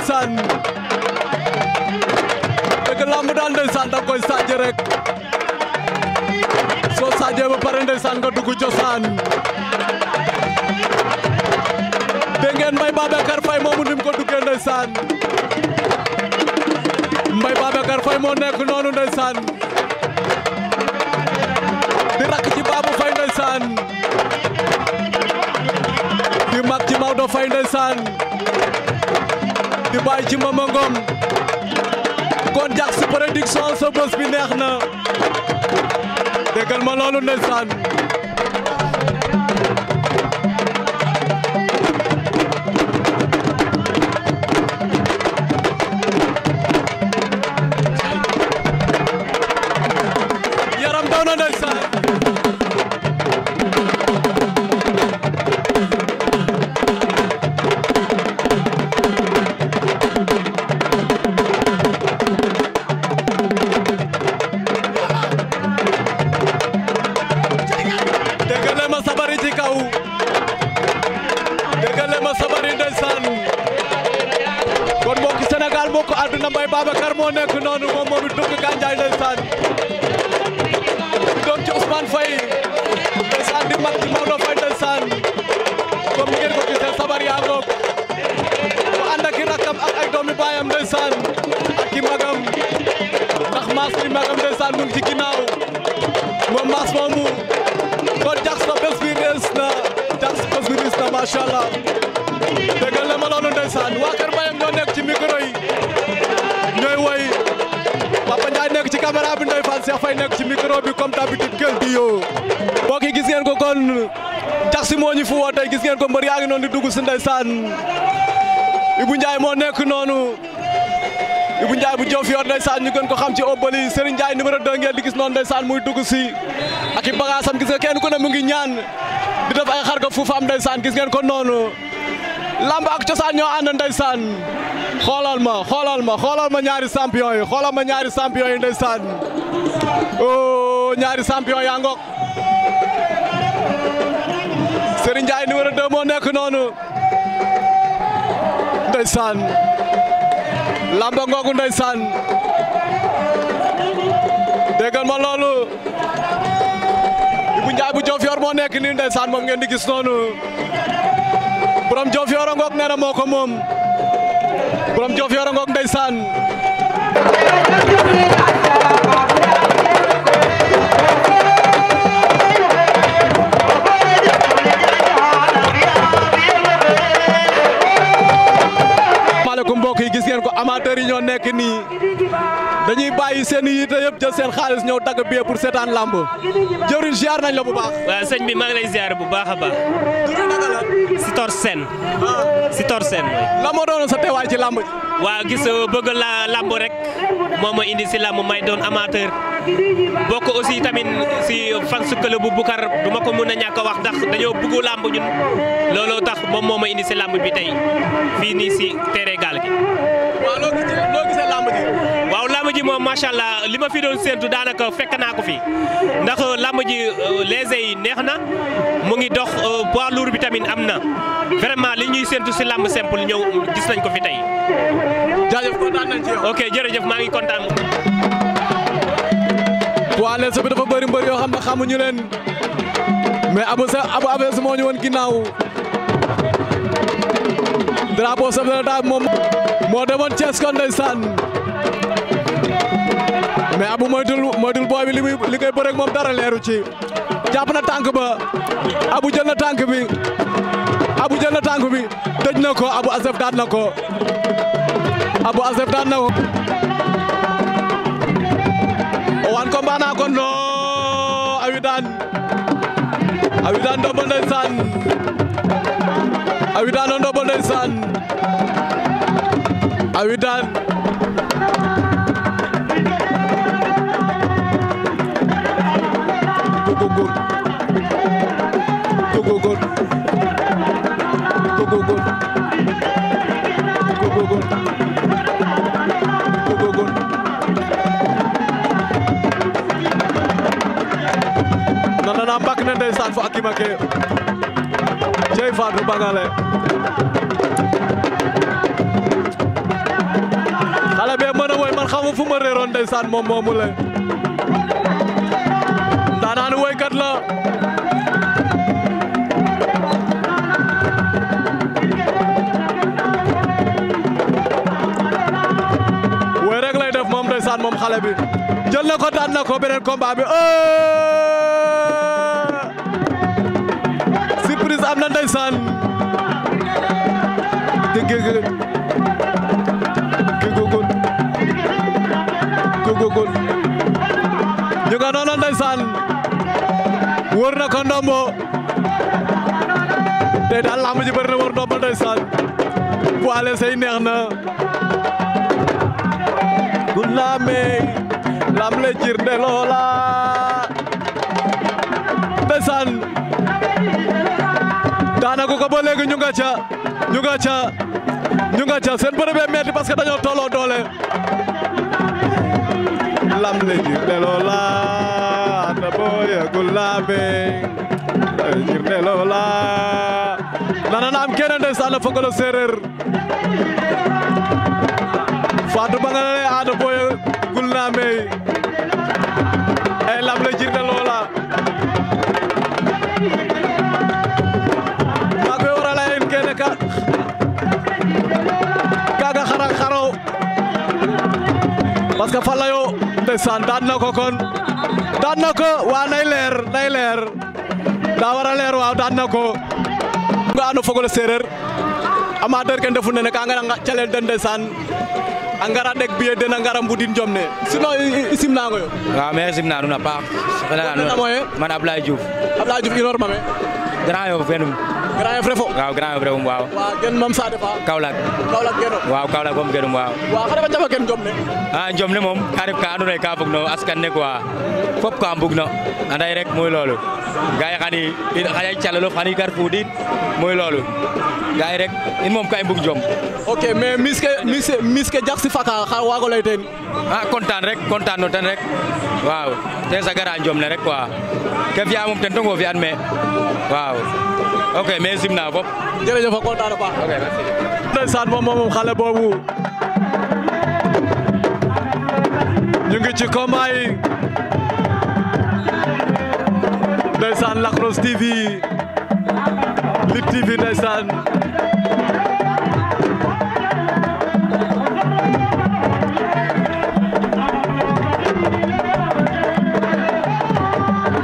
ndeysaan dëgg làmb daal ndeysaan da koy sàjj rek soo sàjjee ba pare ndeysaan nga dugg cosaan dégg ngeen a Babacar Faye moomu ni mu ko duggee ndeysaan Mbaye Babacar a moo nekk noonu ndeysaan di rakk ci Babou Faye ndeysaan di mag ci Maodo Faye ndeysaan di bàyyi ci Mama Ngom kon jax si production sa bés bi neex na déggal ma loolu ndeysaan moo sabari ndeysaan kon mbokk Sénégal mbokk àdduna Mbaye Babacar moo nekk noonu moom moom it dugg Gandiaye ndeysaan di doom ci Ousmane Faye ndeysaan di mag ci Maodo Faye ndeysaan comme ni ngeen ko gisee sabar yaa ngoog mu ànd ak i rakkam ak ay doomi baayam ndeysaan ak i magam ndax maas li magam ndeysaan mu ngi ci ginnaaw moom maas moomu kon jax sa bés bi jax sa bés bi rees ndeysaan waa Kër Mbayang ñoo nekk ci micro yi ñooy woy Papa Ndiaye nekk ci caméra bi Ndoye Fall Cheikh Faye nekk ci micro bi comme d'habitude Kër di yoo mbokk yi gis ngeen ko kon jaxsi moo ñu fu woo tey gis ngeen ko mbër yaa ngi noonu di dugg si saan Ibou Ndiaye moo nekk noonu Ibou Ndiaye bu Diofior ndeysaan ñu gën ko xam ci Obali Serigne Ndiaye numéro 2 ngeen di gis noonu ndeysaan muy dugg si ak i bagaasam gis nga kenn ku ne mu ngi ñaan di def ay xar ga fuufaam ndeysaan ko noonu lamba ak ciosan ño and ndaysan xolal ma xolal ma xolal ma ñaari champion yi xolal ma ñaari champion yi ndaysan oh ñaari champion ya ngok Serigne Ndiaye numéro 2 mo nek nonu ndaysan lamba ngok ndaysan degal ma lolu ibu Ndiaye bu yor mo nek ni ndaysan mom ngeen di gis nonu borom jof yooro ngoog nee na moo ko moom borom jof yooro ngoog ndeysaan amateur yi ñoo nekk nii dañuy bàyyi seen yitte yëpp jël seen xaalis ñëw dagg bee pour seetaan lamb jëwriñ ziar nañ la bu baax. waaw sëñ bi maa ngi lay ziar bu baax a Sitor Sène Sitor Sène mooy. la ma doon sa teewaay ci làmb ji. waaw gis bëgg la làmb rek moo ma indi si làmb may doon amateur bokk aussi tamit si fan su bu Bukar du ma ko mën a ñàkk wax ndax dañoo bëgg làmb ñun looloo tax moom moo ma indi si làmb bi tey fii nii si terrain Gaal gi. loo gisee làmb ji. làmb ji moom li ma fi doon séentu daanaka fekk naa ko fi ndax làmb ji euh, léegi yi neex na mu ngi dox euh, poids lourd bi tamit am na vraiment li ñuy séentu si làmb simple ñëw gis nañ ko fi tey. jaajëf kontaan nañ ci yow. ok jërëjëf maa ngi kontaan. waa lees bi dafa bëri mbër yoo xam ne xamuñu leen mais abu sa moo ñu woon ginnaaw drapeau chef de moom moo demoon Thiès kon ndeysaan mais Abou moytul moytul booy bi li muy li moom dara leeru ci jàpp na ba Abou jël na tànk bi Abou jël na tànk bi tëj na ko Abou Assef daan na ko Abou Assef daan na ko ko mbaana kon awi daan awi daan ndobo ndeysaan awi daan ndobo ndeysaan awi daan bakk na a a woykat la woy rek lay def moom ndeysaan moom xale bi na ko daan na ko beneen combat bi surprise am na ndeysaan dégg gégógóol gógógóol ñu nga noonu ndeysaan wër na ko ndombo tey daal làmb ji bëri na wër ndombo bu ale say neex na bu laamee lam le jir ndeloola ko ko ba léegi ñu nga ca ñu nga ca ñu nga ca seen bërëb bee metti parce que dañoo tolloo doole lam le jir boy loola ata booyagul laame jir ne loola nana naam kene ndeysaan la fogolo séeréer faatu ba nga ne aata booyagul laame parce que Falayo ndeysaan daan na ko kon daan na ko waa nay leer nay leer daa war a leer waaw daan na ko nga ando fogole sereer amateur ke ndefu nene ka ngara calel den ndeysaan a ngara ɗeg biye den a ngara mbudin jom ne i simnango yo waaw maxey simna nuun a paax xelana nuun man Ablaye Diouf Ablaye Diouf inoor mame Grand Yoff fenum Grand Yoff Refo waaw Grand Yoff Refum waaw waaw gen mam waaw Kaolack moom genum waaw waaw xa refa jafa gen jom ne a ah, moom ka ka andoona yee ka bug no askan ne fop ka mbug anday rek mooy loolu gaay xani in xaƴa calolof xani gar fuuɗiin loolu gaay rek in moom ka i jom ok mais mis ke mis ke waago lay teen a ah, kontaan rek kontaan no ten rek waaw ten sagara jom rek quoi ke fi'a moom ten tongo fi'an me waaw ok mais sim naa bopp. jërëjëf na baax. ok merci. ndeysaan moom moom xale boobu ñu ci combat yi ndeysaan TV Lutte TV ndeysaan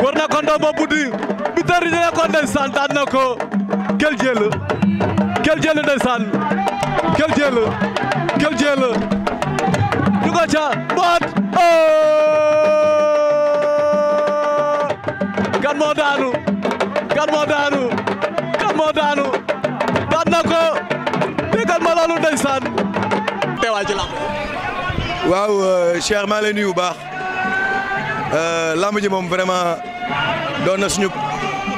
war na ko ndombo buddi bi ah ndeysaan daan na ko quel jël quel jël ndeysaan quel jël quel jël ñu ko ca boot kan oh! moo daanu kan moo daanu kan moo daanu daan na ko déggal ma loolu ndeysaan teewaay ci lamb waaw euh, Cheikh maa lay nuyu bu baax euh, lamb ji moom vraiment doon na suñu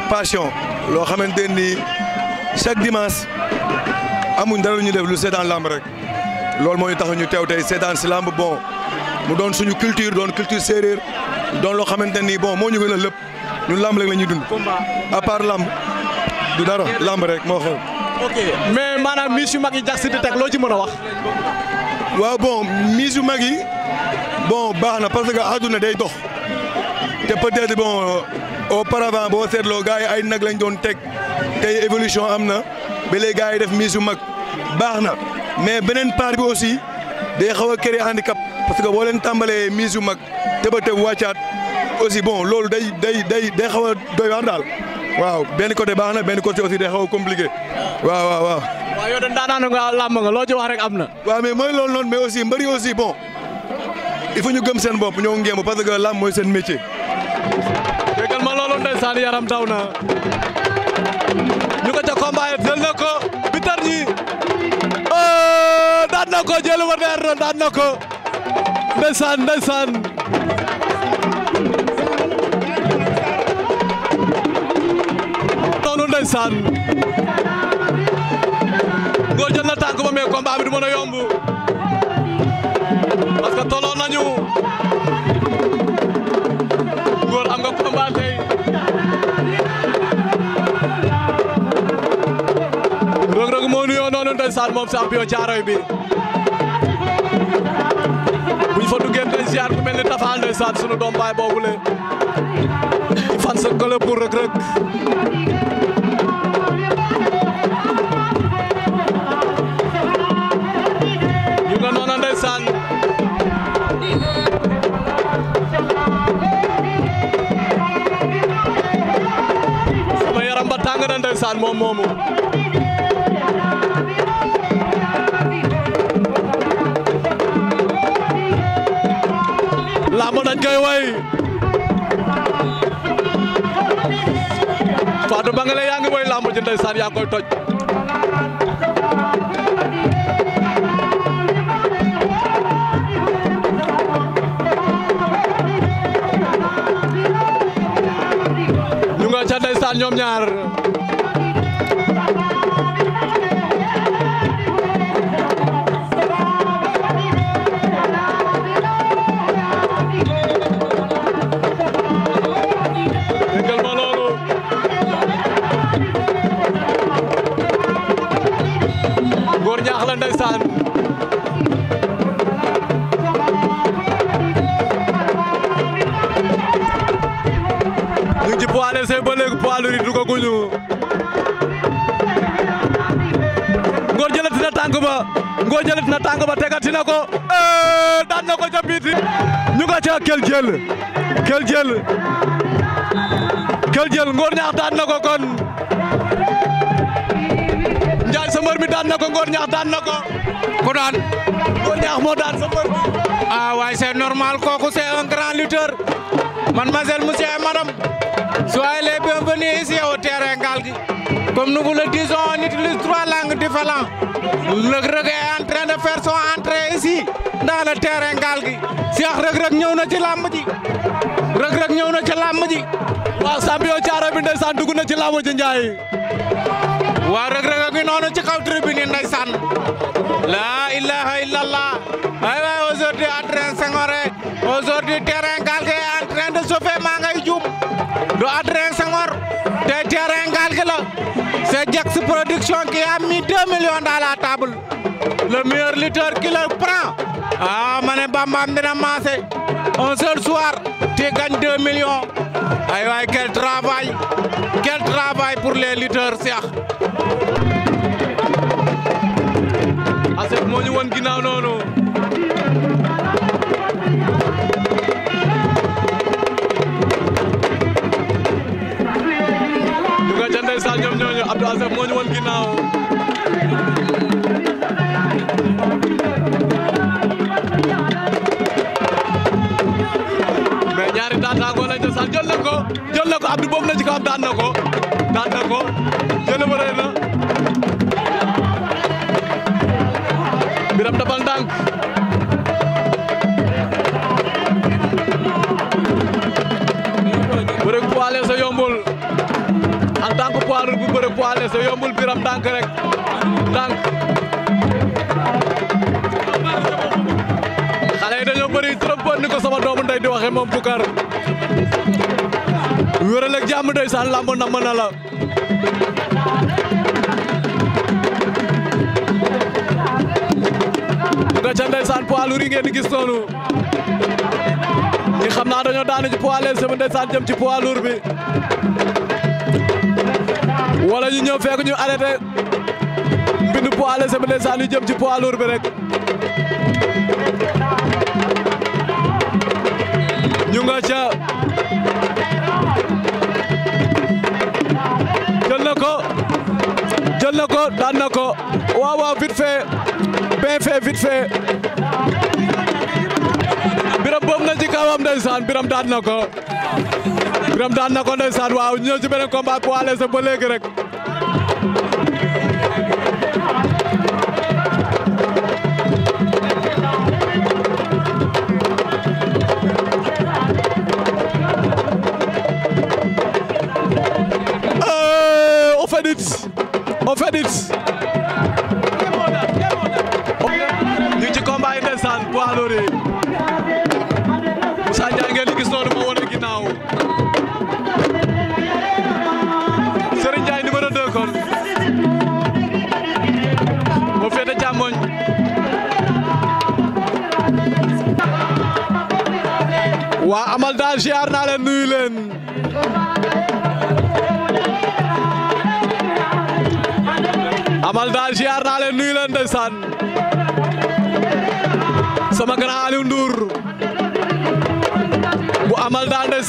passion Lo xamanteni chaque dimanche amuñ dara ñu def lu sétan lamb rek loolu moo ñu tax ñu teew tey seetaan si lamb bon mu doon suñu culture doon culture séeréer doon lo xamanteni bon mo ñu gëna lepp ñun lamb rek la dund. à part lamb du dara lamb rek mo xew. ok mais manam mise yu mag jax si tek lo ci mëna wax. waaw bon mise yu mag bon baxna parce que aduna day dox Té peut-être bon. auparavant boo seetloo gars yi ay nag lañ doon teg tey évolution am na ba léegi yi def mise yu mag baax na mais beneen part bi aussi day xaw a créer handicap parce que woo leen tàmbalee mise yu mag tëba tëb wàccaat aussi bon loolu day day day day xaw a doy waar daal waaw benn côté baax na benn côté aussi day xaw a compliqué waaw waaw waaw. waaw yow de daanaka nga nga loo ci wax rek am na. waaw mais mooy loolu noonu mais aussi mbari aussi bon il faut ñu seen bopp ñoo ngi parce que làmb mooy seen métier. ndeysaan yaram daw na ca combat jël na bitar ñi oh, daan na jël waneer daan na jël na ba combat bi du yomb parce que nañu am nga combat noonu ndeysaan moom champion Caaroy bi buñ fa duggee dañ ziar ku mel ni Tafal ndeysaan sunu doom baay boobu le ñu nga noona ndeysaan sama moom moomu Géejawaay Fatou Bangelé yaa ngi woy làmb ji ndeysaan toj ñu nga ca ñaar Baaluuri dugaguñu go jëlati na tànk ba Ngor jëlati na tànk ba tegati na ko eh, daan na ko ca ñu nga ca jël kel jël kel jël Ngor ñaax daan na ko kon Njaay sa mi daan na ko Ngor ñaax daan na ko ku daan Ngor ñaax moo daan sa mi ah waay c'est normal kooku c'est un grand lutteur mademoiselle monsieur et madame soyez les bienvenus ici au terrain Galgui comme nous vous le disons on utilise trois langues différentes Reug Reug est en train de faire son entrée ici dans le terrain Galgui ñëw na ci làmb ji Reug Reug ñëw na ci làmb ji waaw champion Thiaroye bi ndeysaan dugg na ci làmb ji Njaay waaw Reug Reug a ngi noonu ci kaw tribune ndeysaan la ilaha illallah ay waay aujourd'hui adresse Senghor aujourd'hui terrain Galgui do Adrien Senghor te terrain Gaal Gui la c'est Jax production qui a mis 2 millions dans la table le meilleur lutteur qui le prend ah ma maase un seul soir tu gagnes 2 ay waay quel travail quel travail pour les lutteurs Cheikh Asset moo ñu won ginnaaw noonu ndeysaan ñoom ñooñu Abdou Azzaf moo ñu woon ginnaaw mais ñaari daataangoo lañ desaan jël na ko jël na ko Abdou boobu na ci kaw daan na ko daan na ko ndeysaan moom Boucar wéral a jàmm ndeysaan làmb namm na la nga ca ndeysaan poids lourd yi ngeen gis noonu ñi xam naa dañoo daanu ci poids léger bi ndeysaan jëm ci poids lourd bi wala ñu ñëw fekk ñu arrêté mbindu poids léger bi ndeysaan ñu jëm ci poids lourd bi rek nga ca jël na ko jël na ko daan na ko waaw waaw vite fait bien fait vite fait biram boobu na ci kawam ndeysaan biram daan na ko biram daan na ko ndeysaan waaw ñëw ci beneen combat poids léger ba léegi rek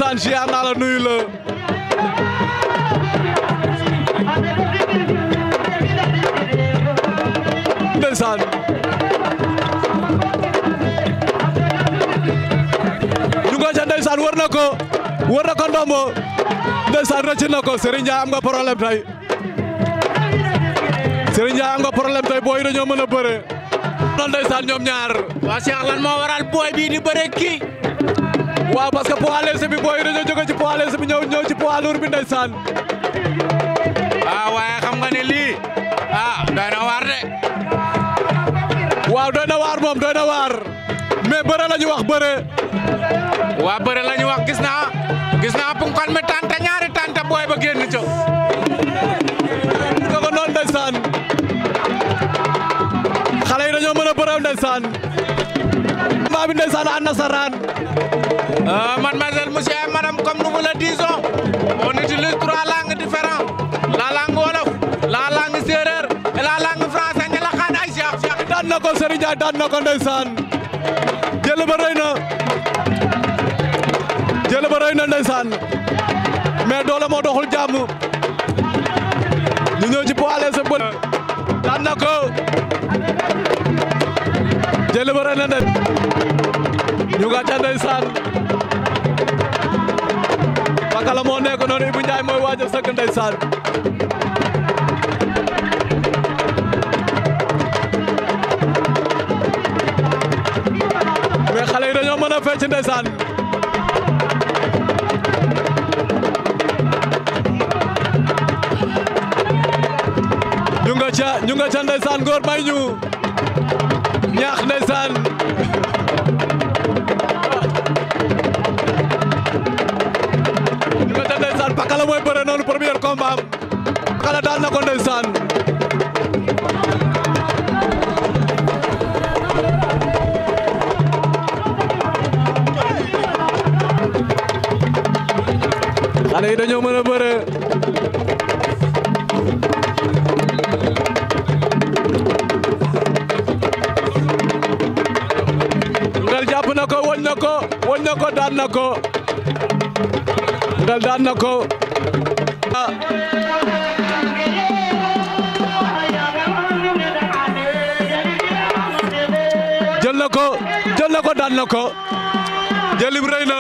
Bougane ziar naa la nuyu la ndeysaan ñu nga ca ndeysaan war na ko rëcc na ko Serigne am nga problème tey Serigne Ndiaye am nga problème tey booy dañoo mën a bëre noonu ndeysaan ñoom ñaar waa Cheikh lan moo waral booy bii di bëre waaw parce que poids léger bi booy dañoo jóge ci poids bi ñëw ñëw ci poids lourd bi ndeysaan ah waaye nga ne lii ah waar de waaw doy waar moom doy waar mais bëre la ñu wax bëre waa bëre la ñu wax gis naa gis naa punkon mi tante ñaari tante booy ba génn ca gis nga ko noonu ndeysaan xale yi dañoo mën a bëre combat bi ndeysaan an nasaraan euh, mademoiselle monsieur et madame comme nous vous le disons on utilise wolof la séeréer et la langue française nga la xaan ay Cheikh Cheikh daan ko Serigne Ndiaye daan na ko na jël ba rëy doole moo doxul jàmm ñu ñëw ci poids léger sa ko jël ba rëy na nen ñu nga ca ndeysaan Pakala moo nekk noonu Ibou Ndiaye mooy waaj a sëkk ndeysaan mais xale yi dañoo mën a ñu nga ca ñu nga ca may ñu ñaax ndeysaan diggante ndeysaan Pakala mooy bëre noonu premier combat am Pakala daan na ko ndeysaan xale yi dañoo mën a bëre na ko daan na ko ngal daan na ko jël na ko jël na ko daan na ko jël bi rëy na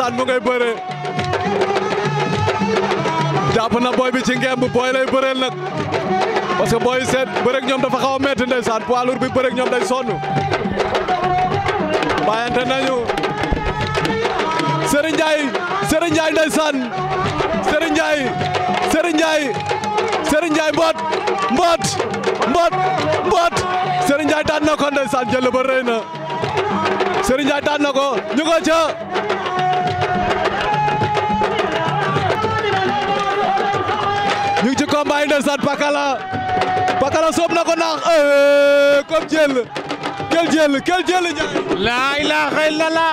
ndeysaan mu na booy bi ci ngemb booy lay bëreel nag parce que booy seet bëreeg ñoom dafa xaw a metti ndeysaan poids lourd bi bëreeg ñoom day sonn bàyyante nañu Serigne Ndiaye Serigne Ndiaye ndeysaan Serigne Ndiaye Serigne Ndiaye Serigne Ndiaye mboot na ko ndeysaan jël ba rëy na Serigne Ndiaye na ko ñu ko ca ci combat yi sat Pakala Pakala sop nako nax euh comme jël quel jël quel jël la ilaha illallah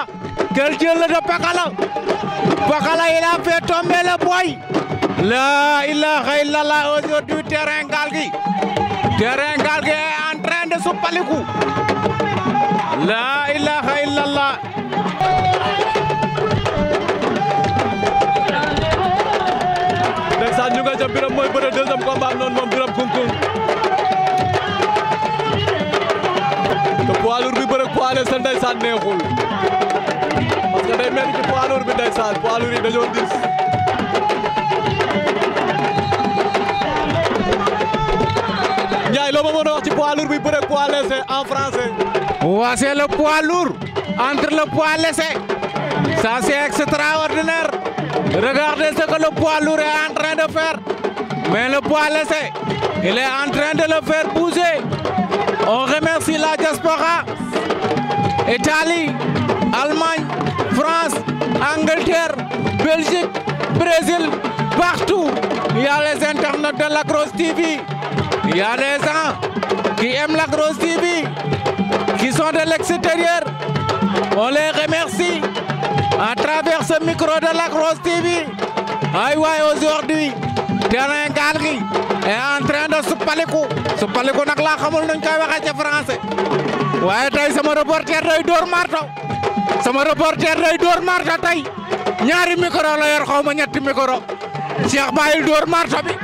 quel jël de Pakala Pakala il a fait tomber le boy. la ilaha illallah aujourd'hui terrain gaal gi terrain gaal gi en train de suppaliku. la ilaha illallah. nga ca Birame mooy bëre deuxième combat noonu moom Birame Koungkoung te poids lourd bi bëre poids la sa ndeysaan neexul parce que day mel ci poids lourd bi ndeysaan poids lourd yi dañoo diis Ndiaye loo ma mën a wax ci poids lourd bi bëre poids léger en français. waa c'est le poids lourd entre le poids léger ça c'est extraordinaire. Regardez ce que le poids lourd est en train de faire. Mais le poids laissé, il est en train de le faire bouger. On remercie la diaspora. Italie, Allemagne, France, Angleterre, Belgique, Brésil, partout. Il y a les internautes de la grosse TV. Il y a des gens qui aiment la grosse TV, qui sont de l'extérieur. On les remercie. a travers ce micro de Lac Rose TV ay waay aujourd'hui terrain gaal gi est en train de suppaliku suppaliku nag laa xamul nuñ koy waxee ci français waaye tey sama reporter day dóor marto sama reporter day dóor marto tey ñaari micro la yor xaw ma ñetti micro Cheikh bàyyil dóor marto bi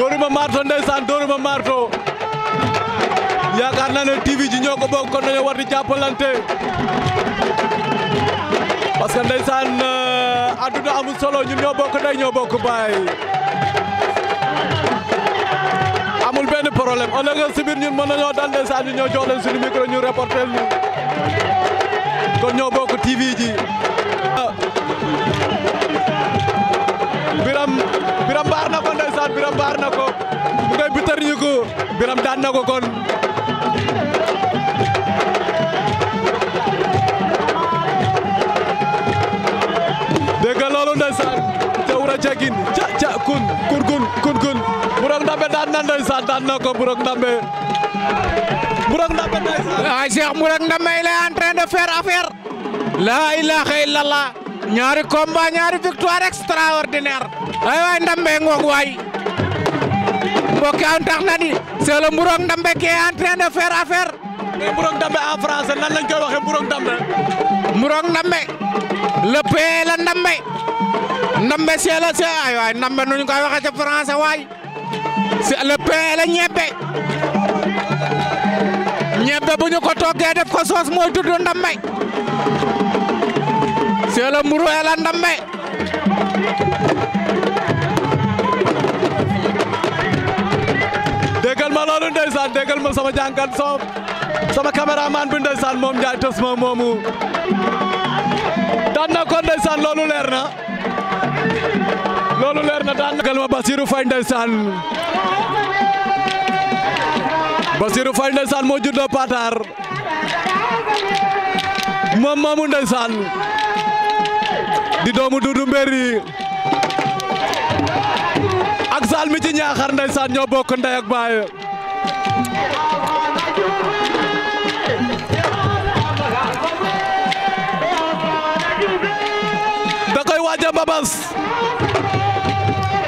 wóoruma marto ndeysaan dóoruma marto yaakaar naa ne TV ji ñoo ko bokk kon dañoo war di parce que ndeysaan euh, adduna amul solo ñun ñoo bokk ndey ñoo bokk baay amul benn problème on est que si biir ñun mën nañoo dal ndeysaan ñu ñoo jox leen suñu micro ñu reporter ñu kon ñoo bokk TV biram biram baar na ko ndeysaan biram baar na ko mu bitar ñu biram daan na ko kon. Waalo ndeysaan jawra jagin ja ja kun kurgun kun kun, Ndambe daan na ndeysaan daan na burang Burok burang Burok Ndambe ndeysaan ay Cheikh Burok Ndambe il est en train de faire affaire la ilaha illallah ñaari combat ñaari victoire extraordinaire ay waay Ndambe ngoog waay mbokk yi tax na ni c'est le Burok Ndambe qui est en train de faire affaire mais mburong ndambe en français nan lañ koy waxee mburong ndambe. mburong ndambe. le pee ndambe. ndambe see see ay waay ndambe nu koy waxee ci français waay. le pee la ñebbe. ñebbe bu ñu ko toggee def ko soos mooy ndambe. see mburu ee ndambe. déggal ma loolu ndeysaan déggal ma sama jàngat soom. sama caméraman bi mom moom tos mom momu dan na ko ndeysaan loolu lerna na lerna dan na daan basiru galma Basirou Basiru ndeysaan Basirou Faye ndeysaan moo juddoo Patar mom momu ndeysaan di doomu Dudu beri. ak Sall ci Ñaaxar ndeysaan ñoo bokk ndey ak baye da koy waaja mbabas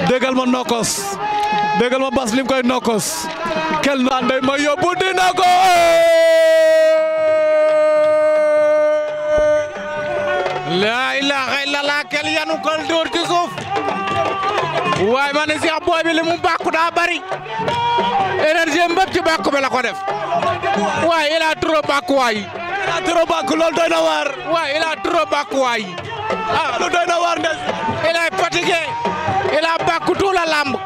déggal ma nokkos déggal ma bas lim koy nokkos kel na ndey ma yóbbu dina ko laa ilaaha illallaa kel yanu kol dóor ci waaye ma ne Cheikh Boy bi mu bàkku daa bari énergie mbëpp ci bàkku la ko def waaye il a waay il a trop bàkku doy na waar waaye il a trop waay ah lu doy na waar ndes il est fatigué il a lamb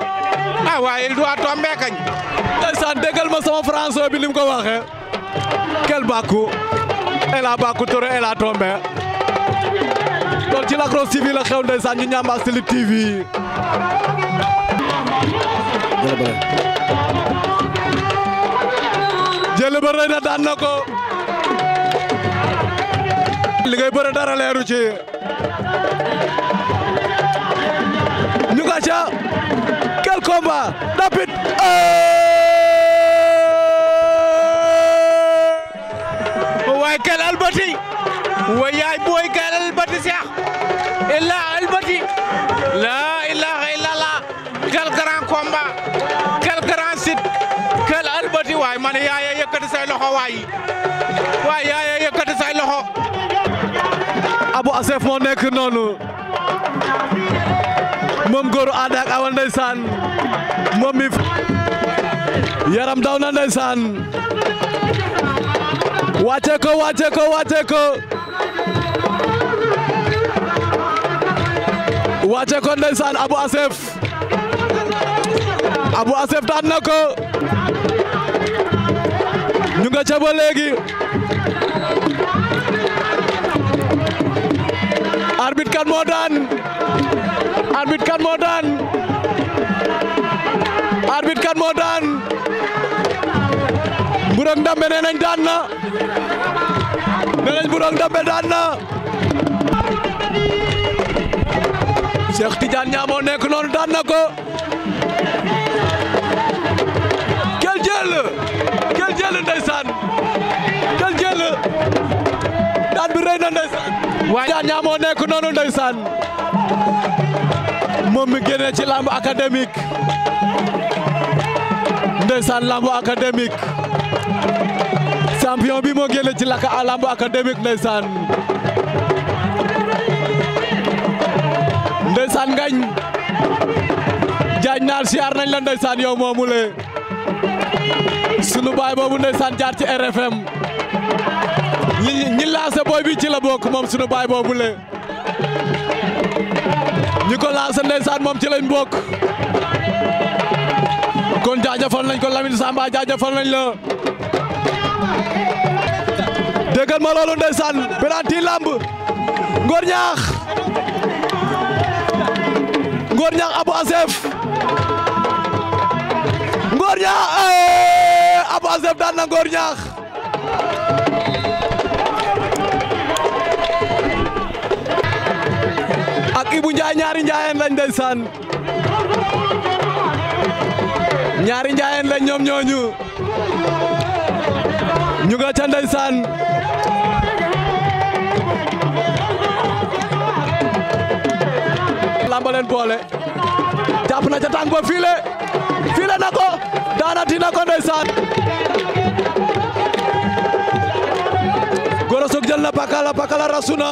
ah waaye il doit tomber kañ ndeysaan déggal ma sama français bi ko waxee quel bàkku il a bàkku trop il loolu ci Lac Rose TV la xew ndeysaan ñu ñaam na daan na ko li ngay dara leeru ci ñu nga ca quel combat dapit waaye quel albati wa yaay booy ka illa albati la ilaha illallah quel grand combat quel grand site quel albati waay man say loxo waay waay yaaya say loxo Abou Assef moo nekk noonu moom góoru aada ak awa ndeysaan moom mi yaram daw na ndeysaan wàcce ko wàcce ko ndeysaan Abu Asef Abu Asef daan na ko ñu nga ca ba léegi arbitre kan moo daan arbitre kan moo daan arbitre kan moo daan Mburok Ndambe nee nañ daan na Mburok Ndambe daan Cheikh Tidiane Niang moo nekk noonu daan na ko quel jël quel jël ndeysaan quel jël daan bi rëy na ndeysaan waaye Tidiane Niang moo nekk noonu ndeysaan moom mi génnee ci lamb académique ndeysaan lamb académique champion bi moo génne ci laka lamb académique ndeysaan Diagne Diagne naar siyaar nañ la ndeysaan yow moomu le sunu baay boobu ndeysaan jaar ci RFM ñi ñi lancé booy bi ci la bokk moom sunu boobu le ñi ko lancé ndeysaan moom ci lañ bokk kon jaajëfal nañ ko Lamine Samba jaajëfal nañ la déggal ma loolu ndeysaan Biranti Lamb Ngor Ñaax Ngor Niang Abou Assef Ngor Niang eh, Abou Assef daan na Ngor Niang ak Ibou Ndiaye ñaari njaayeen lañ ndeysaan ñaari njaayeen lañ ñoom ñooñu ñu nga ca ndeysaan lamba leen boole jàpp na ca tànk ba file file na ko daana tina ko ndeysaan Gora Sock jël na pakala pakala rasuna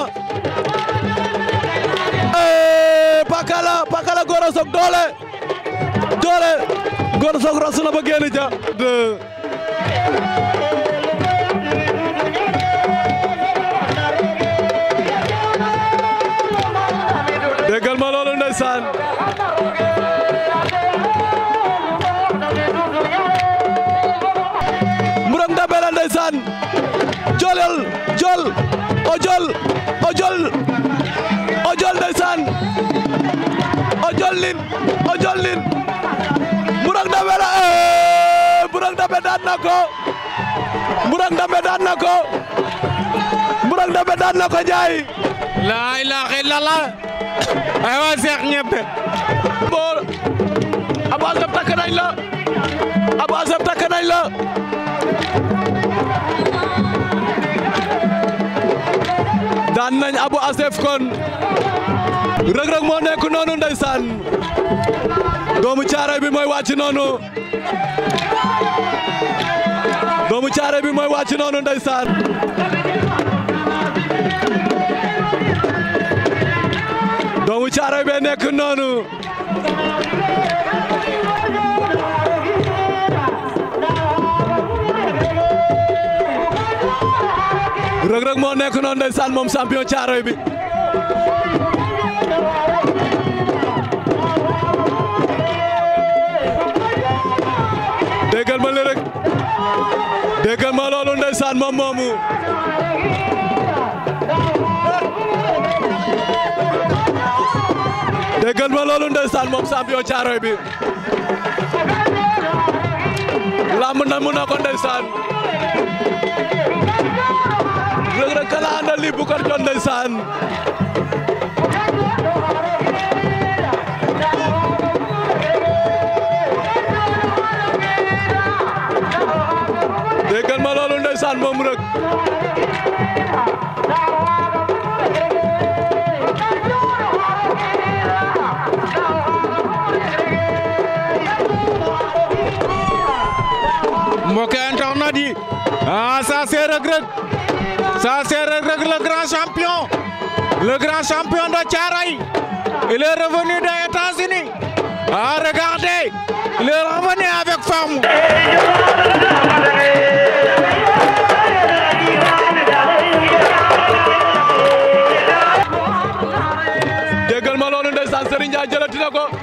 ee eh, pakala pakala Gora doole doole Gora rasuna ba génn ja ndeysaan mburoog ndambe la ndeysaan jolol jol o jol o jol o jol ndeysaan o jol lin o jol lin mburoog ndambe eh, na ko mburoog ndambe na ko daan na ko jaay. laa ilaaha illallah. ay waa Cheikh ñebe. nañ la. Abou Assef takk nañ la. daan nañ Abou Assef kon. Reug Reug moo nekk noonu ndeysaan. doomu caare bi mooy wàcc noonu. doomu caare bi mooy wàcc noonu ndeysaan. doomu caaroy be nekk noonu Reug Reug moo nekk noonu ndeysaan moom bi déggal ma li rek déggal ma loolu ndeysaan moom moomu dekan ma loolu ndeysaan moom champion Caaroy bi lamb na kala anda li bu ko jot ndeysaan déggal rek mbokk internet yi ah ça c'est Reug Reug ça c'est Reug Reug le grand champion le grand champion de Thiaroye il est revenu des États-Unis ah regardez il est revenu avec forme. déggal ma loolu ndeysaan Serigne Ndiaye jëlati ko.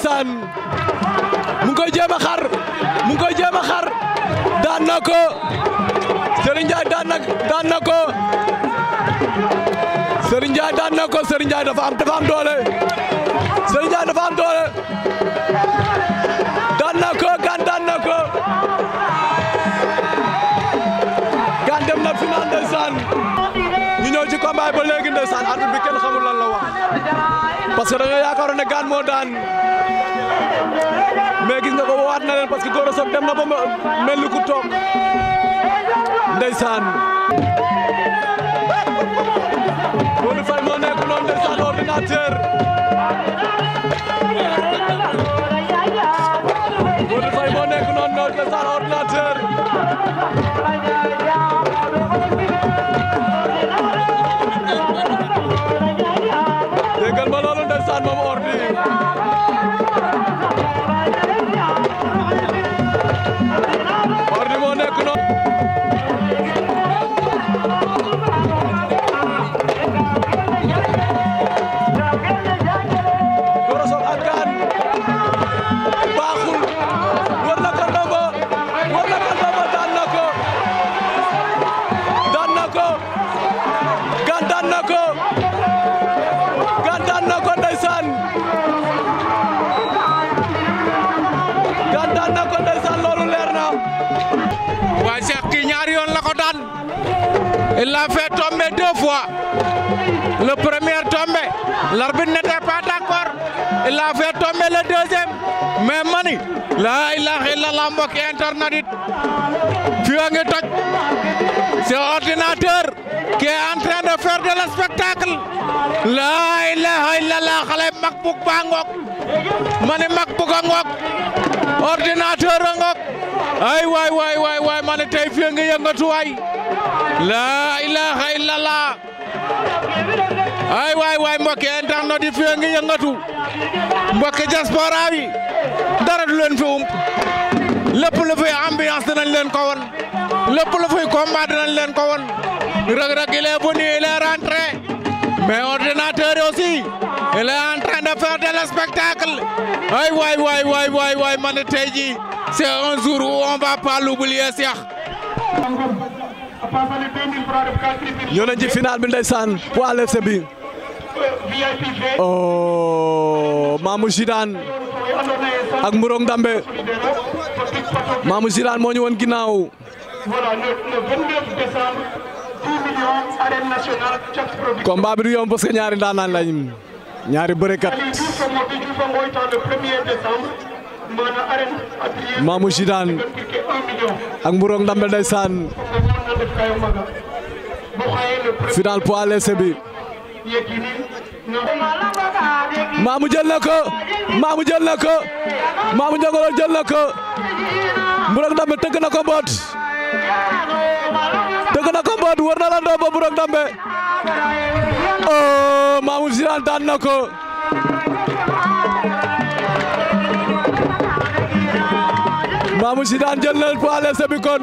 mu ngi koy jéem xar mu ngi koy jéem xar daan na ko Serigne Ndiaye daan na daan na ko Serigne Ndiaye daan na ko Serigne dafa am dafa am doole daan na ko daan na ko gan dem na final ndeysaan ñu ñëw ci combat ba léegi ndeysaan arbitre bi kenn xamul lan la wax parce que da nga yaakaaroon moo daan mais gis nga ko waat na leen parce que Gora Sock dem na ba mel ni ku toog ndeysaan Modou Faye moo nekk noonu ndeysaan ordinateur fois. Le premier tombé, l'arbitre n'était pas d'accord. Il a fait tomber le deuxième. Mais Mani, là, il a la lambo qui est interdite. C'est ordinateur qui est en train de faire de le spectacle. La il a la Khaled Makbouk Bangok. Mani makbuk Bangok. Ordinateur Bangok. ay way way way way Mani yengatu way La ilaha illallah ay waay waay mbokk yi ndax di fi ngi yëngatu mbokk diaspora bi dara du leen fi ump lépp lu fay ambiance dinañ leen ko won lépp lu fay combat leen ko won Reug Reug il est venu il est rentré mais ordinateur aussi il est ay waay waay waay waay tey jii c'est un jour où on va pas l'oublier ñoo nañ final bi ndaysan poids bi oh Mamou Zidane ak mourong Dambe Mamou Zidane mo ñu woon ginnaaw combat bi du yom parce que ñaari lañ ñaari Mamou Zidane ak Mburok Ndambe ndeysaan final poids léger bi Mamou jël na ko Mamou jël na ko Mamou Ndambe tëgg na ko mboot tëgg na ko mboot war na la ndoo ba Ndambe oh Mamou Zidane daan na ko Babou Zidane jël na poids léger bi kon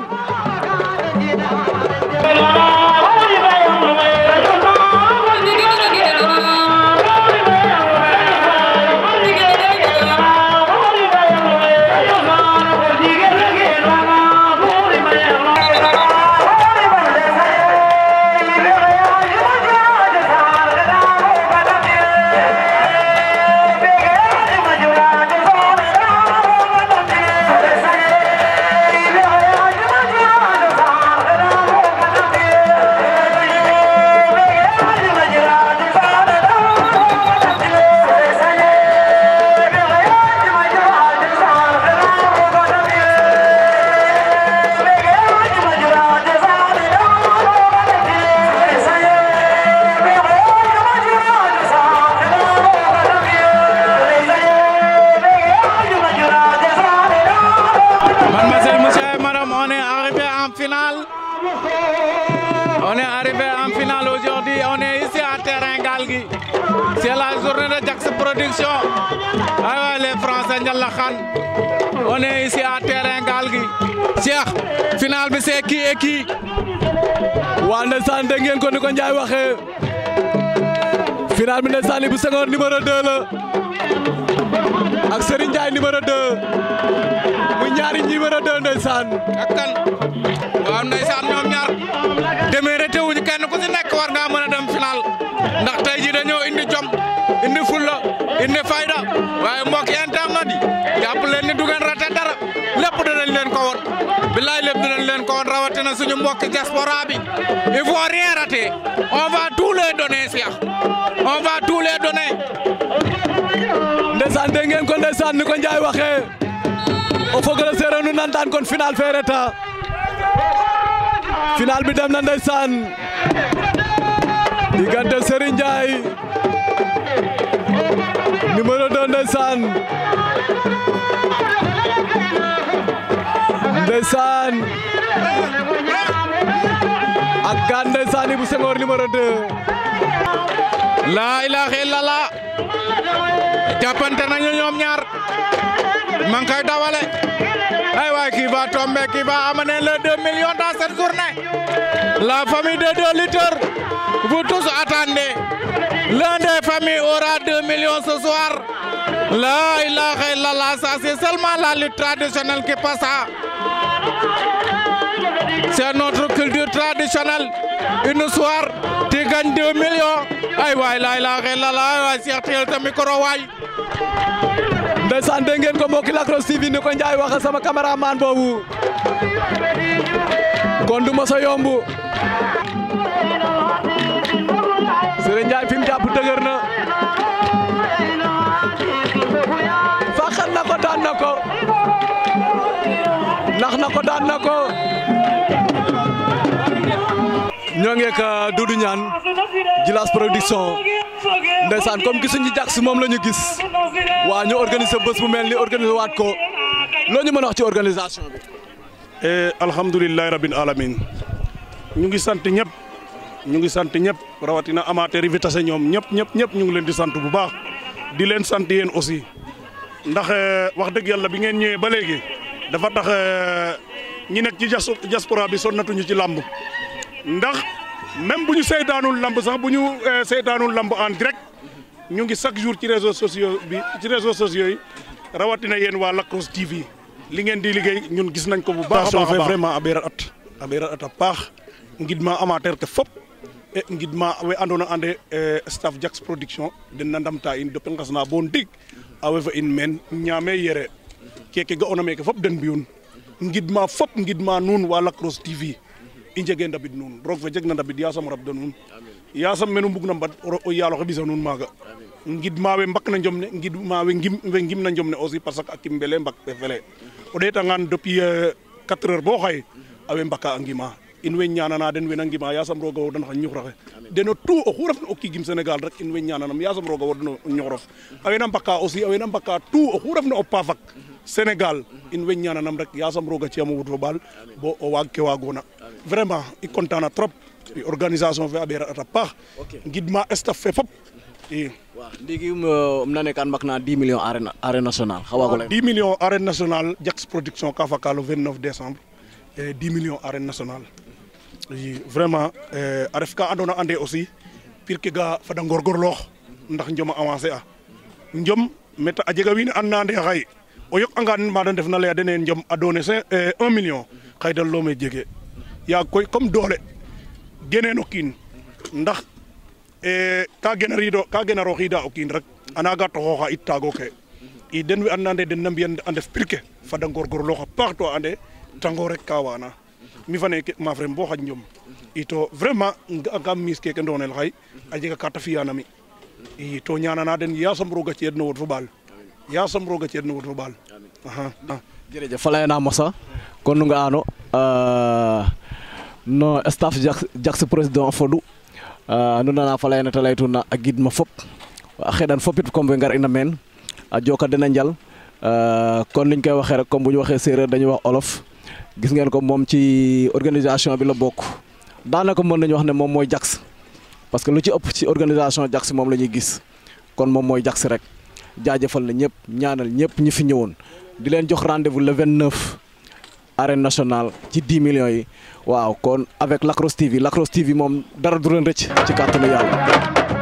on est ici à terrain gaal gi Cheikh final bi c'est qui et qui waa ndeysaan dégg ngeen ko ni ko Ndiaye waxee final bi ndeysaan Ibou Senghor numéro 2 la ak Serigne Ndiaye numéro 2 mu ñaari numéro 2 ndeysaan ak kan waaw ndeysaan ñoom ñaar demee rete wuñu kenn ku ci nekk war nga rawatina suñu mbokk diaspora bi il faut rien rater on va tout les donner Cheikh on va tout les donner. ndeysaan ni ko Ndiaye waxee o fogole séeréer nu nantaan kon final fee reta final bi dem na ndeysaan diggante Serigne Ndiaye numéro 2 ndeysaan ndeysaan ak gaan ndeysaan bu Senghor numéro 2 laa ilaaha illallah jàppante nañu ñoom ñaar man kay dawale ay waay kii va tomber kii va amener le 2 millions dans cette journée la famille de 2 lutteurs vous tous attendez l'un des familles aura 2 millions ce La ilaha illallah, ça c'est seulement la lutte traditionnelle qui passe ça. C'est notre culture traditionnelle. Une soirée, tu gagnes 2 millions. Ay waay la ilaha illallah, waay Cheikh teel sa micro waay. Ndeysaan dégg ngeen ko mbokki Lac Rose TV ni ko Njaay waxa sama caméraman boobu. Kon du ma sa daan na ko ñoo ngi ak euh, Doudou Niane Djilass production ndeysaan comme gisuñu Jax moom la ñu gis waa ñu organiser bës bu mel ni organiser waat ko loo ñu mën a wax ci organisation bi. Eh, alhamdulilah rabbil alamin ñu ngi sant ñëpp ñu ngi sant ñëpp rawatina amateur yi fi tase ñoom ñëpp ñëpp ñëpp ñu ngi leen di sant bu baax di leen sant yéen aussi ndax euh, wax dëgg yàlla bi ngeen ñëwee ba léegi. dafa tax euh, ñi nekk ci diaspora bi sonnatuñu ci làmb ndax même bu ñu seytaanul làmb sax bu ñu euh, seytaanul làmb en direct ñu ngi chaque jour ci réseaux sociaux bi ci réseaux sociaux yi rawatina yéen waa Lac Rose TV li ngeen di liggéey ñun gis nañ ko bu baax a baax vraiment a ɓeera at a ɓeera at a paax ngidma amateur ke fop e ngidma we andoona ande euh, staff Jaks Production den na ndamta in depuis nqesna bo ndig a we fa in meen ñaame yere keke ga'ona ke fop den ngid ngidma fop ngidma nun walak cross tv i njege ndabid nuun roog fe jegna ndabid yasam rabda nuun yasam menu mbugna mbad o yaaloxe ɓisa nuun maaga ngidma we mbak na njomne ngidma we ngim we ngim na njom aussi parce que akim belé mbak fe fele mhm. o ngan depuis 4 euh, h bo xay awe mbaka ngima in way ñanana den wena ngima yasam roga wodan xa ñuxraxe deno tout oxu refna o kiigim Sénégal rek in way ñananam yasam roga wodan o ñoxrof a wena mbaka aussi a wena mbaka tout oxu refna o pafak Sénégal in way ñananam rek yasam roga ciyam o fo ɓaal bo o waag ke waagona vraiment i content trop organisation fe a a paax ngidma staff fe fop i waaw ndiki um, uh, um nane kan mbakna 10 millions arène national xa production ka faka le décembre 10 eh, millions arène national vraiment euh, a ref ka andoona ande aussi piir ga fada ngorgorloox ndax njom a avancer a njom meta a jega wiin we andna ande xaye o yoqangaan ma da ndefna dene njom a donner euh, un million xaye da lome jege yaag koy comme doole geneen o kiin ndax euh, ka genariido ka o kiin rek a nanga toxooxa ke i den we andna ande den na mbiyan a ndef piir fada ngorgorloox a paax to ande tango rek ka waana mi fa nek ma frem bo xaj ñom ito vraiment nga mis ke ndonel xay a jega carte fi mi ito ñana na den sam roga ci edno wut football sam roga ci edno wut football aha falay na massa kon nga ano euh, no staff jax jax president fodu euh falay na talaytu na ak ma fop xedan fopit comme ngar ina men a joka dina njal euh kon niñ koy waxe rek comme buñ waxe sereur dañu wax olof gis ngeen ko moom ci organisation bi la bokk daanaka mën nañu wax ne moom mooy Jax parce que lu ci ëpp ci organisation Jax moom la ñuy gis kon moom mooy Jax rek jaajëfal na ñëpp ñaanal ñëpp ñi fi ñëwoon di leen jox rendez-vous vingt 29 arène nationale ci 10 millions yi waaw kon avec Lac Rose TV Lac TV moom dara du leen rëcc ci kàttanu yàlla.